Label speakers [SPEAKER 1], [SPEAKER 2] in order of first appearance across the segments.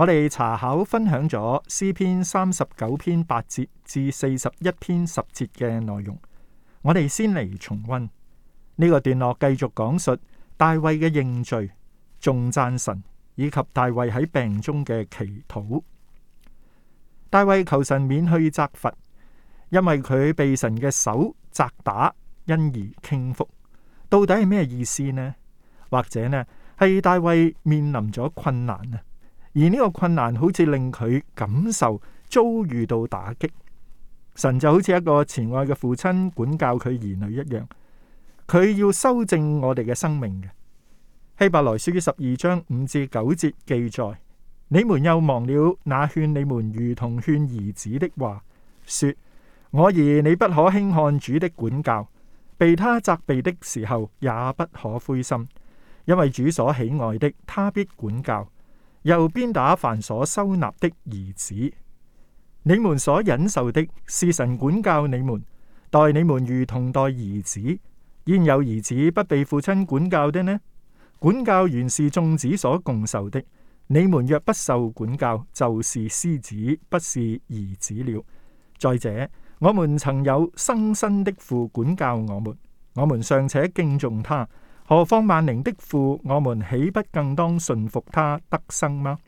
[SPEAKER 1] 我哋查考分享咗詩篇三十九篇八節至四十一篇十節嘅內容。我哋先嚟重溫呢個段落，繼續講述大衛嘅認罪、眾贊神以及大衛喺病中嘅祈禱。大衛求神免去責罰，因為佢被神嘅手責打，因而傾覆。到底係咩意思呢？或者呢係大衛面臨咗困難呢？而呢個困難好似令佢感受遭遇到打擊，神就好似一個慈愛嘅父親管教佢兒女一樣，佢要修正我哋嘅生命嘅。希伯來書十二章五至九節記載：你們又忘了那勸你們如同勸兒子的話，說：我而，你不可輕看主的管教，被他責備的時候，也不可灰心，因為主所喜愛的，他必管教。又鞭打凡所收納的兒子，你們所忍受的，是神管教你們，待你們如同待兒子。焉有兒子不被父親管教的呢？管教原是眾子所共受的。你們若不受管教，就是私子，不是兒子了。再者，我們曾有生身的父管教我們，我們尚且敬重他。何況萬靈的父，我們豈不更當信服他得生嗎？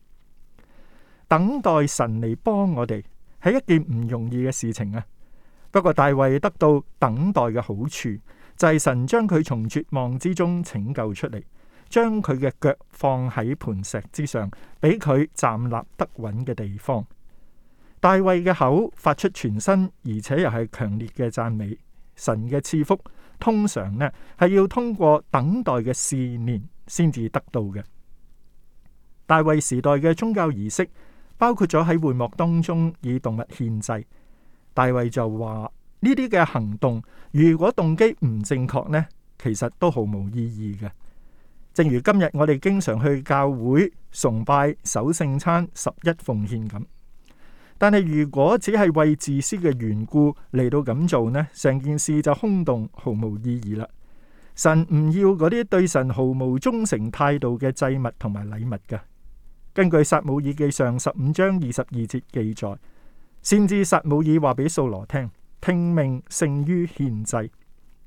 [SPEAKER 1] 等待神嚟幫我哋，係一件唔容易嘅事情啊！不過大衛得到等待嘅好處，就係、是、神將佢從絕望之中拯救出嚟，將佢嘅腳放喺磐石之上，俾佢站立得穩嘅地方。大衛嘅口發出全身，而且又係強烈嘅讚美。神嘅賜福通常呢，係要通過等待嘅試煉先至得到嘅。大衛時代嘅宗教儀式包括咗喺會幕當中以動物獻祭。大衛就話呢啲嘅行動，如果動機唔正確呢，其實都毫無意義嘅。正如今日我哋經常去教會崇拜、守聖餐、十一奉獻咁。但係如果只係為自私嘅緣故嚟到咁做呢，成件事就空洞，毫無意義啦。神唔要嗰啲對神毫無忠誠態度嘅祭物同埋禮物嘅。根據撒母耳記上十五章二十二節記載，先知撒母耳話俾掃羅聽：聽命勝於獻祭。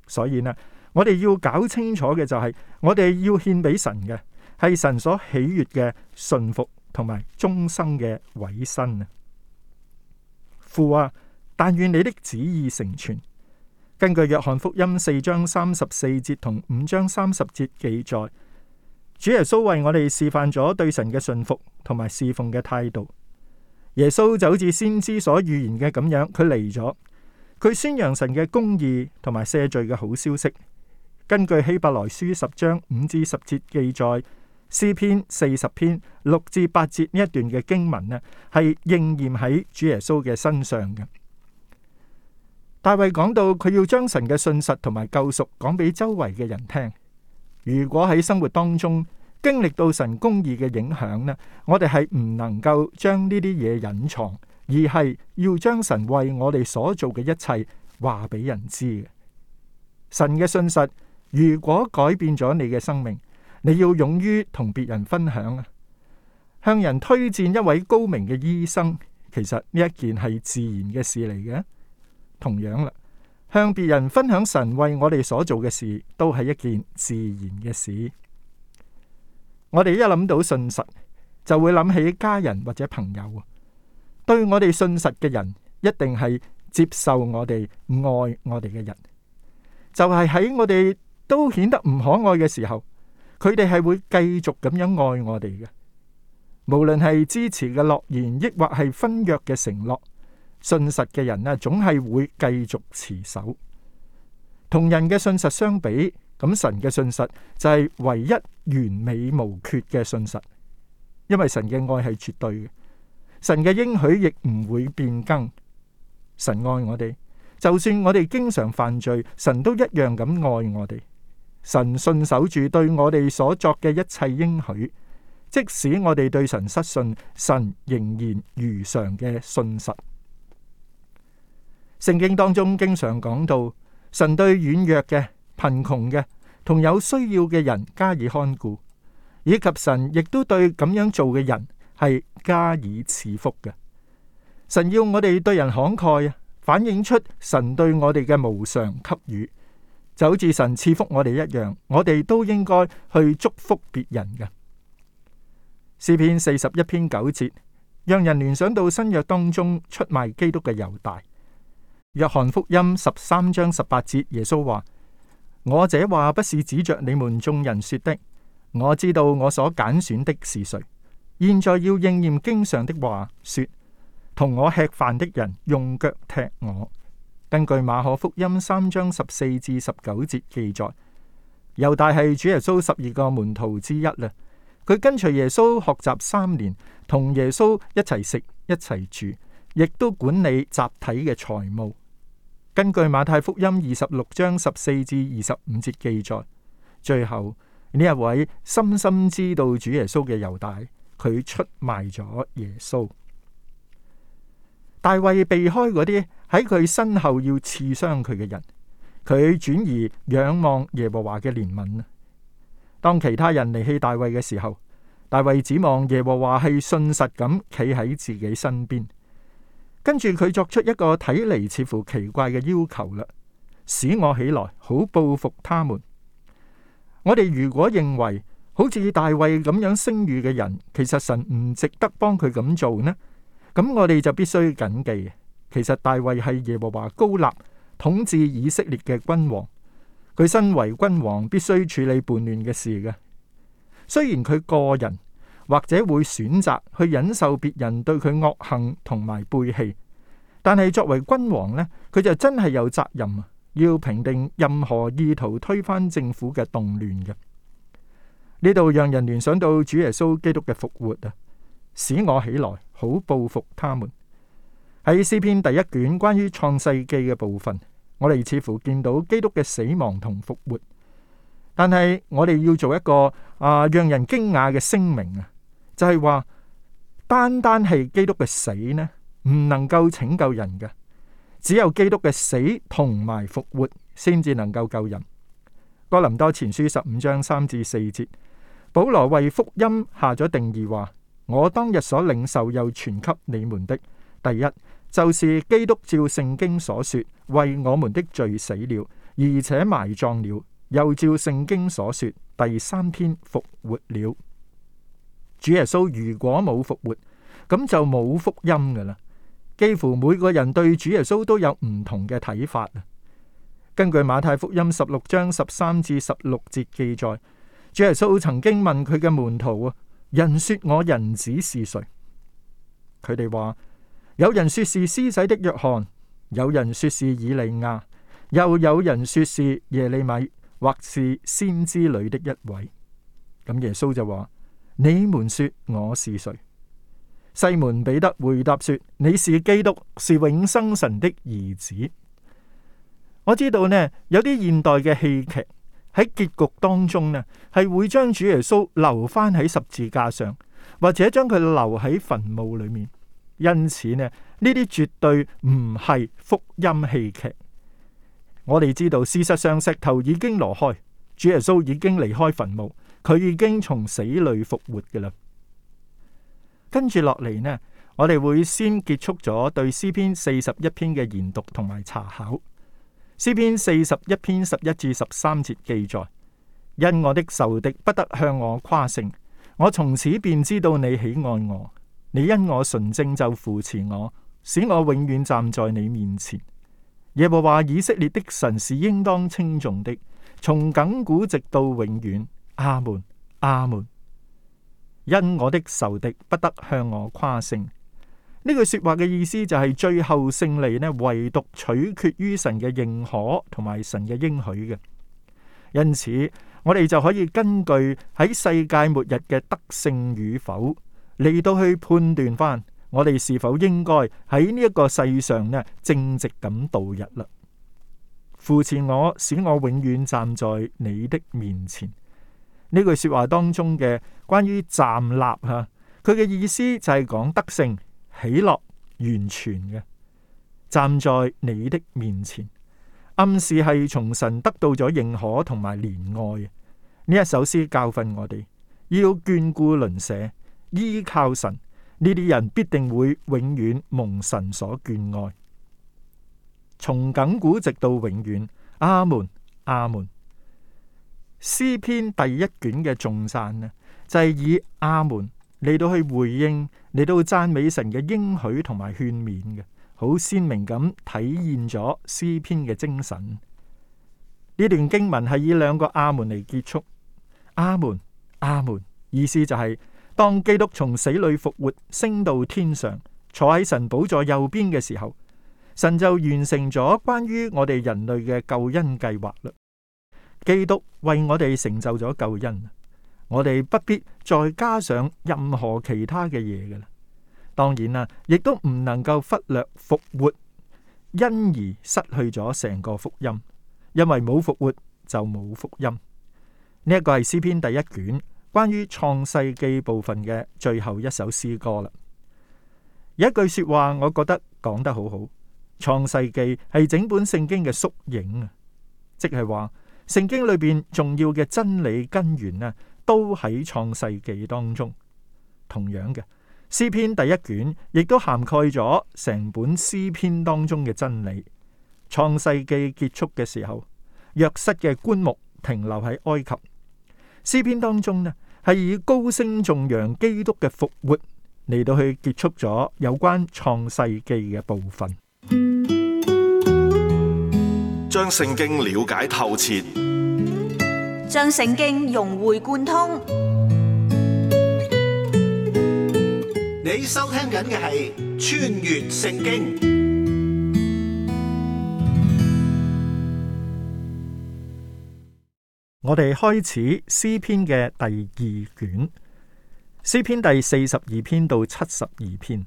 [SPEAKER 1] 所以呢，我哋要搞清楚嘅就係、是，我哋要獻俾神嘅係神所喜悅嘅信服同埋終生嘅委身啊。父啊，但願你的旨意成全。根據《約翰福音》四章三十四節同五章三十節記載，主耶穌為我哋示範咗對神嘅信服同埋侍奉嘅態度。耶穌就好似先知所預言嘅咁樣，佢嚟咗，佢宣揚神嘅公義同埋赦罪嘅好消息。根據希伯來書十章五至十節記載。詩篇四十篇六至八節呢一段嘅經文呢，係應驗喺主耶穌嘅身上嘅。大衛講到佢要將神嘅信實同埋救贖講俾周圍嘅人聽。如果喺生活當中經歷到神公義嘅影響呢，我哋係唔能夠將呢啲嘢隱藏，而係要將神為我哋所做嘅一切話俾人知嘅。神嘅信實如果改變咗你嘅生命。你要勇於同別人分享啊，向人推薦一位高明嘅醫生，其實呢一件係自然嘅事嚟嘅。同樣啦，向別人分享神為我哋所做嘅事，都係一件自然嘅事。我哋一諗到信實，就會諗起家人或者朋友。對我哋信實嘅人，一定係接受我哋、愛我哋嘅人。就係喺我哋都顯得唔可愛嘅時候。佢哋係會繼續咁樣愛我哋嘅，無論係支持嘅諾言，抑或係分約嘅承諾，信實嘅人呢，總係會繼續持守。同人嘅信實相比，咁神嘅信實就係唯一完美無缺嘅信實，因為神嘅愛係絕對嘅，神嘅應許亦唔會變更。神愛我哋，就算我哋經常犯罪，神都一樣咁愛我哋。神信守住對我哋所作嘅一切應許，即使我哋對神失信，神仍然如常嘅信實。聖經當中經常講到，神對軟弱嘅、貧窮嘅同有需要嘅人加以看顧，以及神亦都對咁樣做嘅人係加以賜福嘅。神要我哋對人慷慨啊，反映出神對我哋嘅無常給予。就好似神賜福我哋一樣，我哋都應該去祝福別人嘅。詩篇四十一篇九節，讓人聯想到新約當中出賣基督嘅猶大。約翰福音十三章十八節，耶穌話：我這話不是指着你們眾人說的，我知道我所揀選的是誰，現在要應驗經上的話，說：同我吃飯的人用腳踢我。根據馬可福音三章十四至十九節記載，猶大係主耶穌十二個門徒之一啦。佢跟隨耶穌學習三年，同耶穌一齊食一齊住，亦都管理集體嘅財務。根據馬太福音二十六章十四至二十五節記載，最後呢一位深深知道主耶穌嘅猶大，佢出賣咗耶穌。大衛避開嗰啲喺佢身後要刺傷佢嘅人，佢轉而仰望耶和華嘅憐憫。當其他人離棄大衛嘅時候，大衛指望耶和華係信實咁企喺自己身邊。跟住佢作出一個睇嚟似乎奇怪嘅要求嘞，使我起來好報復他們。我哋如果認為好似大衛咁樣聲譽嘅人，其實神唔值得幫佢咁做呢？咁我哋就必須謹記，其實大衛係耶和華膏立統治以色列嘅君王。佢身為君王，必須處理叛亂嘅事嘅。雖然佢個人或者會選擇去忍受別人對佢惡行同埋背棄，但係作為君王呢，佢就真係有責任啊，要平定任何意圖推翻政府嘅動亂嘅。呢度讓人聯想到主耶穌基督嘅復活啊，使我起來。好報復他們。喺詩篇第一卷關於創世記嘅部分，我哋似乎見到基督嘅死亡同復活，但係我哋要做一個啊讓人驚訝嘅聲明啊，就係話單單係基督嘅死呢，唔能夠拯救人嘅，只有基督嘅死同埋復活先至能夠救人。哥林多前書十五章三至四節，保羅為福音下咗定義話。我當日所領受又傳給你們的，第一就是基督照聖經所說，為我們的罪死了，而且埋葬了，又照聖經所說，第三天復活了。主耶穌如果冇復活，咁就冇福音噶啦。幾乎每個人對主耶穌都有唔同嘅睇法。根據馬太福音十六章十三至十六節記載，主耶穌曾經問佢嘅門徒啊。人說我人子是誰？佢哋話有人說是施洗的約翰，有人說是以利亞，又有人說是耶利米，或是先知裏的一位。咁耶穌就話：你們說我是誰？西門彼得回答說：你是基督，是永生神的兒子。我知道呢，有啲現代嘅戲劇。喺結局當中呢，係會將主耶穌留翻喺十字架上，或者將佢留喺墳墓裏面。因此呢，呢啲絕對唔係福音戲劇。我哋知道，事實上石頭已經挪開，主耶穌已經離開墳墓，佢已經從死裏復活㗎喇。跟住落嚟呢，我哋會先結束咗對詩篇四十一篇嘅研讀同埋查考。詩篇四十一篇十一至十三節記載：因我的仇敵不得向我誇勝，我從此便知道你喜愛我，你因我純正就扶持我，使我永遠站在你面前。耶和華以色列的神是應當稱頌的，從亙古直到永遠。阿門，阿門。因我的仇敵不得向我誇勝。呢句說話嘅意思就係最後勝利呢，唯獨取決於神嘅認可同埋神嘅應許嘅。因此，我哋就可以根據喺世界末日嘅得勝與否嚟到去判斷翻我哋是否應該喺呢一個世上呢正直咁度日啦。扶持我，使我永遠站在你的面前。呢句說話當中嘅關於站立吓，佢嘅意思就係講得勝。喜樂完全嘅，站在你的面前，暗示係從神得到咗認可同埋憐愛。呢一首詩教訓我哋要眷顧鄰舍，依靠神，呢啲人必定會永遠蒙神所眷愛。從亙古直到永遠，阿門阿門。詩篇第一卷嘅頌讚呢，就係以阿門嚟到去回應，嚟到讚美神嘅應許同埋勸勉嘅，好鮮明咁體現咗詩篇嘅精神。呢段經文係以兩個阿門嚟結束，阿門阿門。意思就係當基督從死裏復活，升到天上，坐喺神寶座右邊嘅時候，神就完成咗關於我哋人類嘅救恩計劃嘞。基督為我哋成就咗救恩。我哋不必再加上任何其他嘅嘢嘅啦。當然啦，亦都唔能夠忽略復活，因而失去咗成個福音，因為冇復活就冇福音。呢一個係詩篇第一卷關於創世紀部分嘅最後一首詩歌啦。有一句說話，我覺得講得好好。創世紀係整本聖經嘅縮影啊，即係話聖經裏邊重要嘅真理根源啊。都喺創世記當中，同樣嘅詩篇第一卷亦都涵蓋咗成本詩篇當中嘅真理。創世記結束嘅時候，約瑟嘅棺木停留喺埃及。詩篇當中呢，係以高聲頌揚基督嘅復活嚟到去結束咗有關創世記嘅部分。將聖經了解透徹。將聖經融會貫通。你收聽緊嘅係《穿越聖經》，我哋開始詩篇嘅第二卷，詩篇第四十二篇到七十二篇，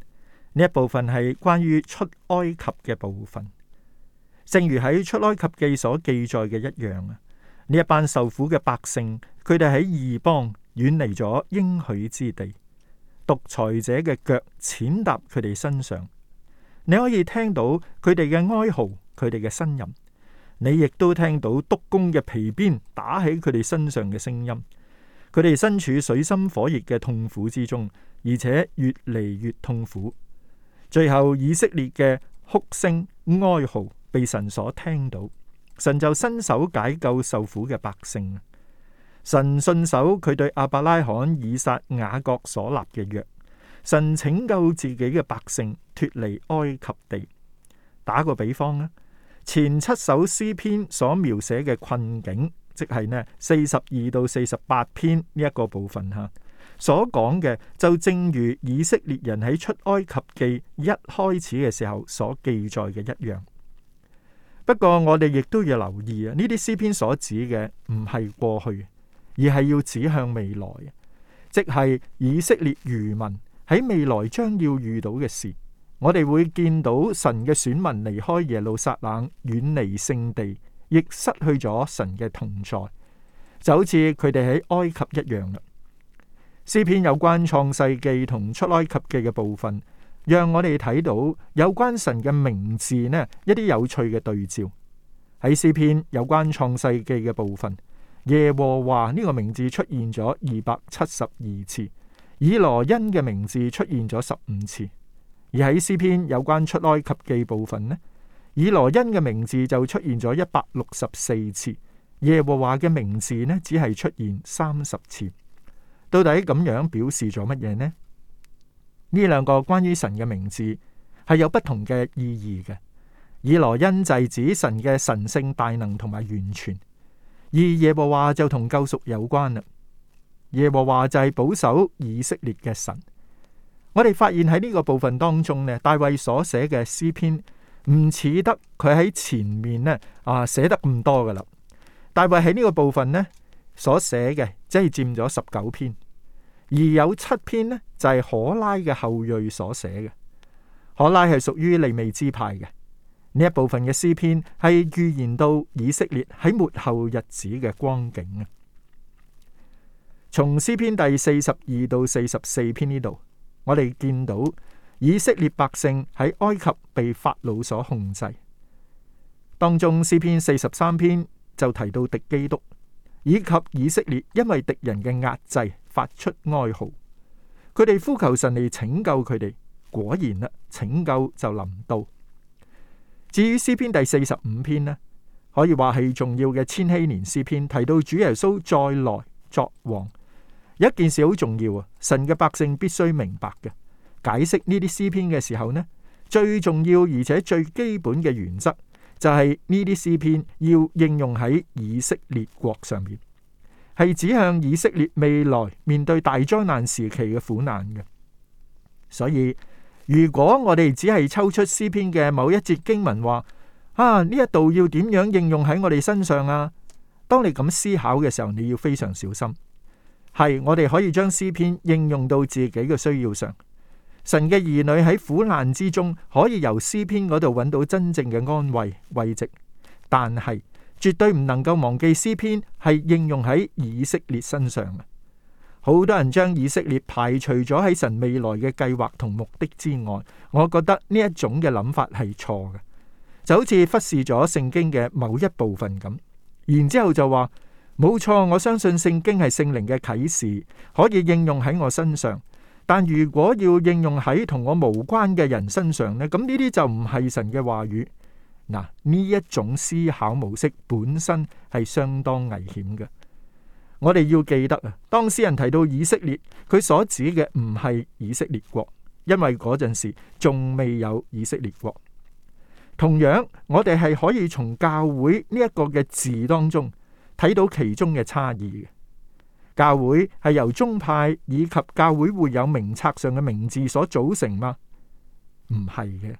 [SPEAKER 1] 呢一部分係關於出埃及嘅部分，正如喺《出埃及記》所記載嘅一樣。呢一班受苦嘅百姓，佢哋喺異邦遠離咗應許之地，獨裁者嘅腳踐踏佢哋身上。你可以聽到佢哋嘅哀嚎，佢哋嘅呻吟，你亦都聽到督工嘅皮鞭打喺佢哋身上嘅聲音。佢哋身處水深火熱嘅痛苦之中，而且越嚟越痛苦。最後，以色列嘅哭聲哀嚎被神所聽到。神就伸手解救受苦嘅百姓，神信守佢對亞伯拉罕、以撒、雅各所立嘅約，神拯救自己嘅百姓脱離埃及地。打個比方啊，前七首詩篇所描寫嘅困境，即係呢四十二到四十八篇呢一個部分吓，所講嘅就正如以色列人喺出埃及記一開始嘅時候所記載嘅一樣。不過我哋亦都要留意啊！呢啲詩篇所指嘅唔係過去，而係要指向未來，即係以色列餘民喺未來將要遇到嘅事。我哋會見到神嘅選民離開耶路撒冷，遠離聖地，亦失去咗神嘅同在，就好似佢哋喺埃及一樣啦。詩篇有關創世記同出埃及記嘅部分。讓我哋睇到有關神嘅名字呢一啲有趣嘅對照，喺詩篇有關創世記嘅部分，耶和華呢個名字出現咗二百七十二次，以羅恩嘅名字出現咗十五次。而喺詩篇有關出埃及記部分呢，以羅恩嘅名字就出現咗一百六十四次，耶和華嘅名字呢只係出現三十次。到底咁樣表示咗乜嘢呢？呢兩個關於神嘅名字係有不同嘅意義嘅，以羅恩祭指神嘅神性大能同埋完全，而耶和華就同救贖有關啦。耶和華就係保守以色列嘅神。我哋發現喺呢個部分當中呢，大衛所寫嘅詩篇唔似得佢喺前面咧啊寫得咁多噶啦。大衛喺呢個部分呢所寫嘅，即係佔咗十九篇。而有七篇呢，就係、是、可拉嘅後裔所寫嘅。可拉係屬於利未支派嘅。呢一部分嘅詩篇係預言到以色列喺末後日子嘅光景啊。從詩篇第四十二到四十四篇呢度，我哋見到以色列百姓喺埃及被法老所控制。當中詩篇四十三篇就提到敵基督，以及以色列因為敵人嘅壓制發出哀號，佢哋呼求神嚟拯救佢哋。果然啦，拯救就臨到。至於詩篇第四十五篇呢，可以話係重要嘅千禧年詩篇，提到主耶穌再來作王。有一件事好重要啊，神嘅百姓必須明白嘅。解釋呢啲詩篇嘅時候呢，最重要而且最基本嘅原則就係呢啲詩篇要應用喺以色列國上面。係指向以色列未來面對大災難時期嘅苦難嘅，所以如果我哋只係抽出詩篇嘅某一節經文話啊，呢一度要點樣應用喺我哋身上啊？當你咁思考嘅時候，你要非常小心。係我哋可以將詩篇應用到自己嘅需要上，神嘅兒女喺苦難之中可以由詩篇嗰度揾到真正嘅安慰慰藉，但係。絕對唔能夠忘記詩篇係應用喺以色列身上嘅。好多人將以色列排除咗喺神未來嘅計劃同目的之外，我覺得呢一種嘅諗法係錯嘅，就好似忽視咗聖經嘅某一部分咁。然之後就話冇錯，我相信聖經係聖靈嘅啟示，可以應用喺我身上。但如果要應用喺同我無關嘅人身上咧，咁呢啲就唔係神嘅話語。嗱，呢一種思考模式本身係相當危險嘅。我哋要記得啊，當詩人提到以色列，佢所指嘅唔係以色列國，因為嗰陣時仲未有以色列國。同樣，我哋係可以從教會呢一個嘅字當中睇到其中嘅差異。教會係由宗派以及教會會有名冊上嘅名字所組成嗎？唔係嘅。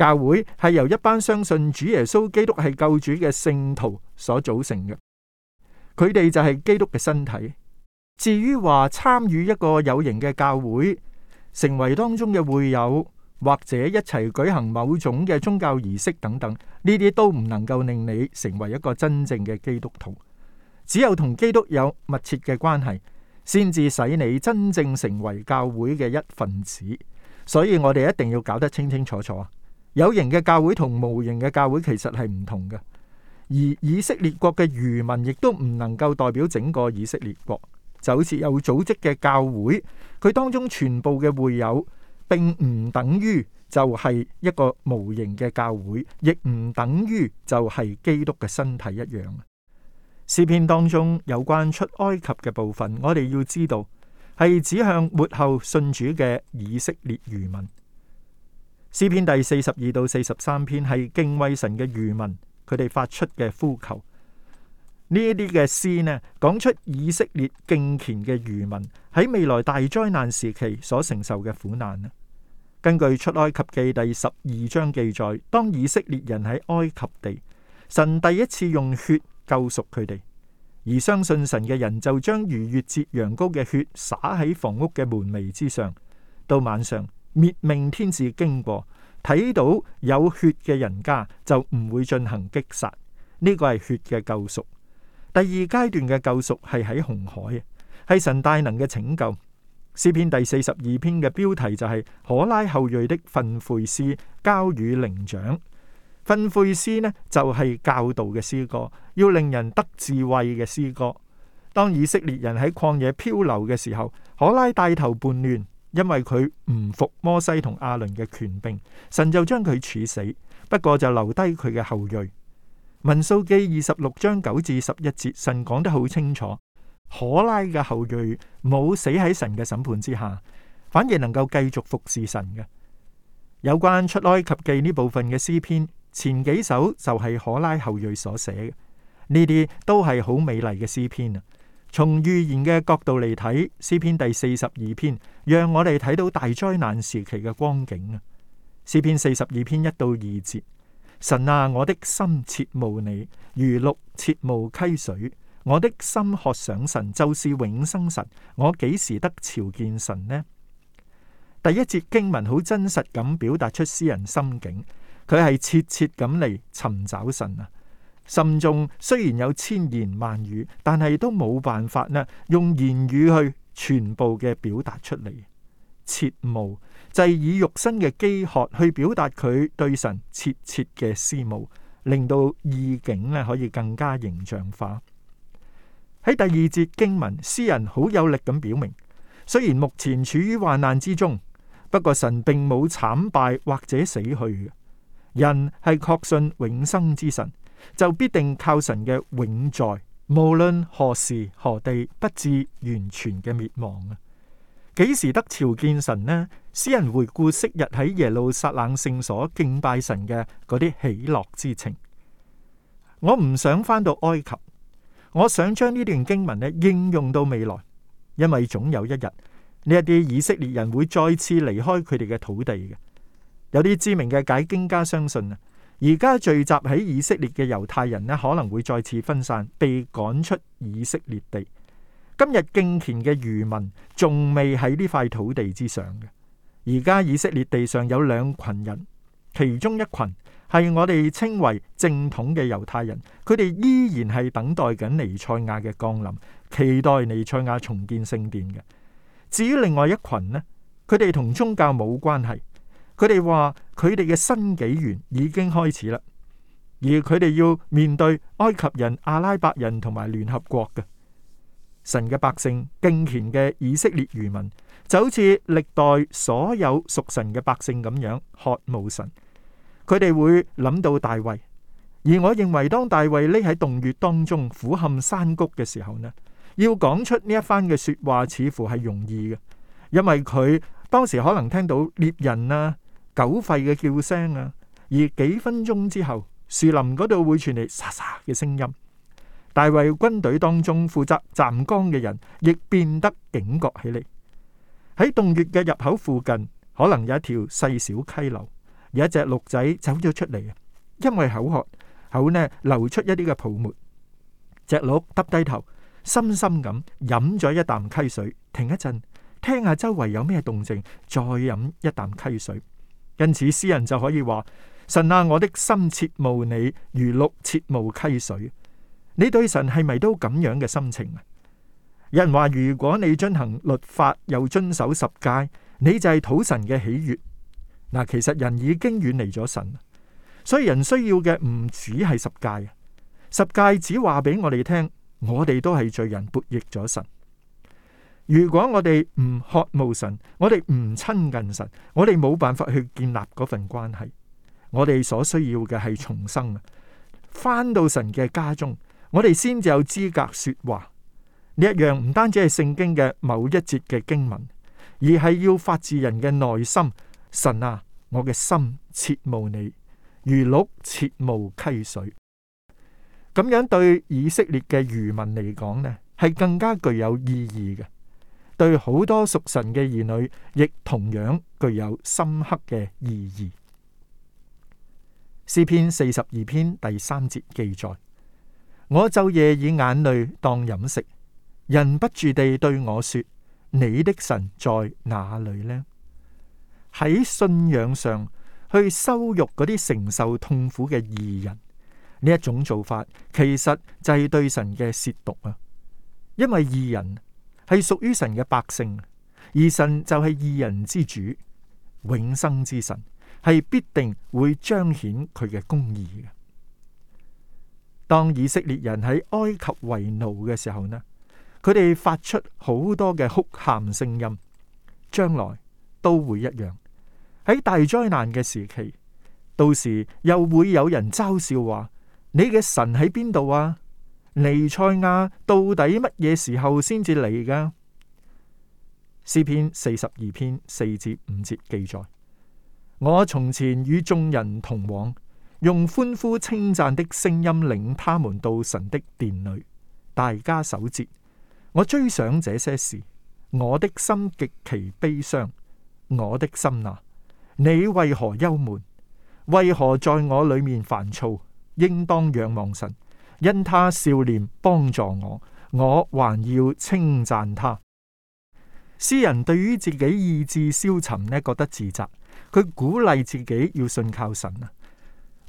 [SPEAKER 1] 教會係由一班相信主耶穌基督係救主嘅聖徒所組成嘅，佢哋就係基督嘅身體。至於話參與一個有形嘅教會，成為當中嘅會友，或者一齊舉行某種嘅宗教儀式等等，呢啲都唔能夠令你成為一個真正嘅基督徒。只有同基督有密切嘅關係，先至使你真正成為教會嘅一份子。所以我哋一定要搞得清清楚楚。有形嘅教會同無形嘅教會其實係唔同嘅，而以色列國嘅餘民亦都唔能夠代表整個以色列國，就好似有組織嘅教會，佢當中全部嘅會友，並唔等於就係一個無形嘅教會，亦唔等於就係基督嘅身體一樣。詩篇當中有關出埃及嘅部分，我哋要知道係指向末後信主嘅以色列餘民。詩篇第四十二到四十三篇係敬畏神嘅餘民，佢哋發出嘅呼求。呢一啲嘅詩呢，講出以色列敬虔嘅餘民喺未來大災難時期所承受嘅苦難。根據出埃及記第十二章記載，當以色列人喺埃及地，神第一次用血救贖佢哋，而相信神嘅人就將逾越節羊羔嘅血灑喺房屋嘅門楣之上，到晚上。滅命天使經過，睇到有血嘅人家就唔會進行擊殺，呢、這個係血嘅救贖。第二階段嘅救贖係喺紅海，係神大能嘅拯救。詩篇第四十二篇嘅標題就係、是、可拉後裔的訓誨詩，交與伶長。訓誨詩呢就係、是、教導嘅詩歌，要令人得智慧嘅詩歌。當以色列人喺曠野漂流嘅時候，可拉帶頭叛亂。因為佢唔服摩西同亞倫嘅權柄，神就將佢處死。不過就留低佢嘅後裔。《民數記》二十六章九至十一節，神講得好清楚。可拉嘅後裔冇死喺神嘅審判之下，反而能夠繼續服侍神嘅。有關《出埃及記》呢部分嘅詩篇，前幾首就係可拉後裔所寫嘅，呢啲都係好美麗嘅詩篇啊！從預言嘅角度嚟睇，詩篇第四十二篇讓我哋睇到大災難時期嘅光景啊！詩篇四十二篇一到二節，神啊，我的心切慕你，如鹿切慕溪水，我的心渴想神，就是永生神，我幾時得朝見神呢？第一節經文好真實咁表達出詩人心境，佢係切切咁嚟尋找神啊！心中雖然有千言萬語，但係都冇辦法呢，用言語去全部嘅表達出嚟。切慕就是以肉身嘅飢渴去表達佢對神切切嘅思慕，令到意境咧可以更加形象化。喺第二節經文，詩人好有力咁表明，雖然目前處於患難之中，不過神並冇慘敗或者死去。人係確信永生之神，就必定靠神嘅永在，無論何時何地，不至完全嘅滅亡啊！幾時得朝見神呢？詩人回顧昔日喺耶路撒冷聖所敬拜神嘅嗰啲喜樂之情，我唔想翻到埃及，我想將呢段經文呢，應用到未來，因為總有一日呢一啲以色列人會再次離開佢哋嘅土地嘅。有啲知名嘅解經家相信啊，而家聚集喺以色列嘅猶太人咧，可能會再次分散，被趕出以色列地。今日敬虔嘅餘民仲未喺呢塊土地之上嘅。而家以色列地上有兩群人，其中一群係我哋稱為正統嘅猶太人，佢哋依然係等待緊彌賽亞嘅降臨，期待彌賽亞重建聖殿嘅。至於另外一群呢，佢哋同宗教冇關係。佢哋話佢哋嘅新紀元已經開始啦，而佢哋要面對埃及人、阿拉伯人同埋聯合國嘅神嘅百姓，敬虔嘅以色列餘民，就好似歷代所有屬神嘅百姓咁樣渴慕神。佢哋會諗到大衛，而我認為當大衛匿喺洞穴當中俯瞰山谷嘅時候呢，要講出呢一番嘅說話，似乎係容易嘅，因為佢當時可能聽到獵人啊。狗吠嘅叫聲啊，而幾分鐘之後，樹林嗰度會傳嚟沙沙嘅聲音。大衛軍隊當中負責站崗嘅人亦變得警覺起嚟。喺洞穴嘅入口附近，可能有一條細小溪流，有一隻鹿仔走咗出嚟啊。因為口渴，口呢流出一啲嘅泡沫，隻鹿耷低頭，深深咁飲咗一啖溪水，停一陣，聽下周圍有咩動靜，再飲一啖溪水。因此，詩人就可以話：神啊，我的心切慕你，如鹿切慕溪水。你對神係咪都咁樣嘅心情啊？有人話：如果你遵行律法又遵守十誡，你就係討神嘅喜悦。嗱，其實人已經遠離咗神，所以人需要嘅唔止係十誡啊！十誡只話俾我哋聽，我哋都係罪人，悖逆咗神。如果我哋唔渴慕神，我哋唔親近神，我哋冇辦法去建立嗰份關係。我哋所需要嘅係重生，翻到神嘅家中，我哋先至有資格說話。呢一樣唔單止係聖經嘅某一節嘅經文，而係要發自人嘅內心。神啊，我嘅心切慕你，如鹿切慕溪水。咁樣對以色列嘅漁民嚟講呢，係更加具有意義嘅。對好多屬神嘅兒女，亦同樣具有深刻嘅意義。詩篇四十二篇第三節記載：我晝夜以眼淚當飲食，人不住地對我說：你的神在哪裏呢？喺信仰上去羞辱嗰啲承受痛苦嘅義人，呢一種做法其實就係對神嘅褻瀆啊！因為義人，係屬於神嘅百姓，而神就係二人之主、永生之神，係必定會彰顯佢嘅公義嘅。當以色列人喺埃及為奴嘅時候呢，佢哋發出好多嘅哭喊聲音，將來都會一樣。喺大災難嘅時期，到時又會有人嘲笑話：你嘅神喺邊度啊？尼賽亞到底乜嘢時候先至嚟㗎？詩篇四十二篇四至五節記載：我從前與眾人同往，用歡呼稱讚的聲音領他們到神的殿裏。大家守節，我追想這些事，我的心極其悲傷。我的心啊，你為何憂悶？為何在我裏面煩躁？應當仰望神。因他笑臉幫助我，我還要稱讚他。詩人對於自己意志消沉咧，覺得自責。佢鼓勵自己要信靠神啊。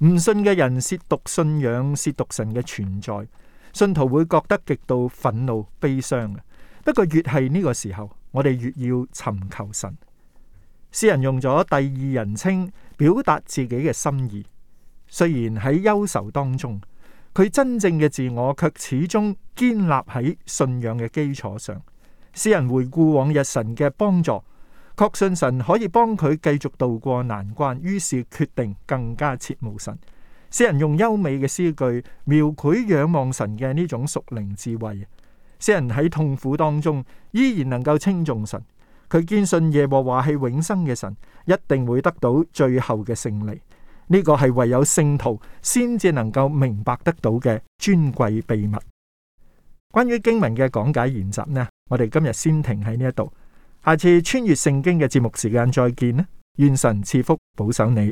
[SPEAKER 1] 唔信嘅人褻瀆信仰，褻瀆神嘅存在，信徒會覺得極度憤怒、悲傷、悲傷。不過越係呢個時候，我哋越要尋求神。詩人用咗第二人稱表達自己嘅心意，雖然喺憂愁當中。佢真正嘅自我卻始終建立喺信仰嘅基礎上，詩人回顧往日神嘅幫助，確信神可以幫佢繼續渡過難關，於是決定更加切慕神。詩人用優美嘅詩句描繪仰望神嘅呢種屬靈智慧。詩人喺痛苦當中依然能夠稱頌神，佢堅信耶和華係永生嘅神，一定會得到最後嘅勝利。呢個係唯有聖徒先至能夠明白得到嘅尊貴秘密。關於經文嘅講解原則呢，我哋今日先停喺呢一度，下次穿越聖經嘅節目時間再見啦！願神賜福保守你。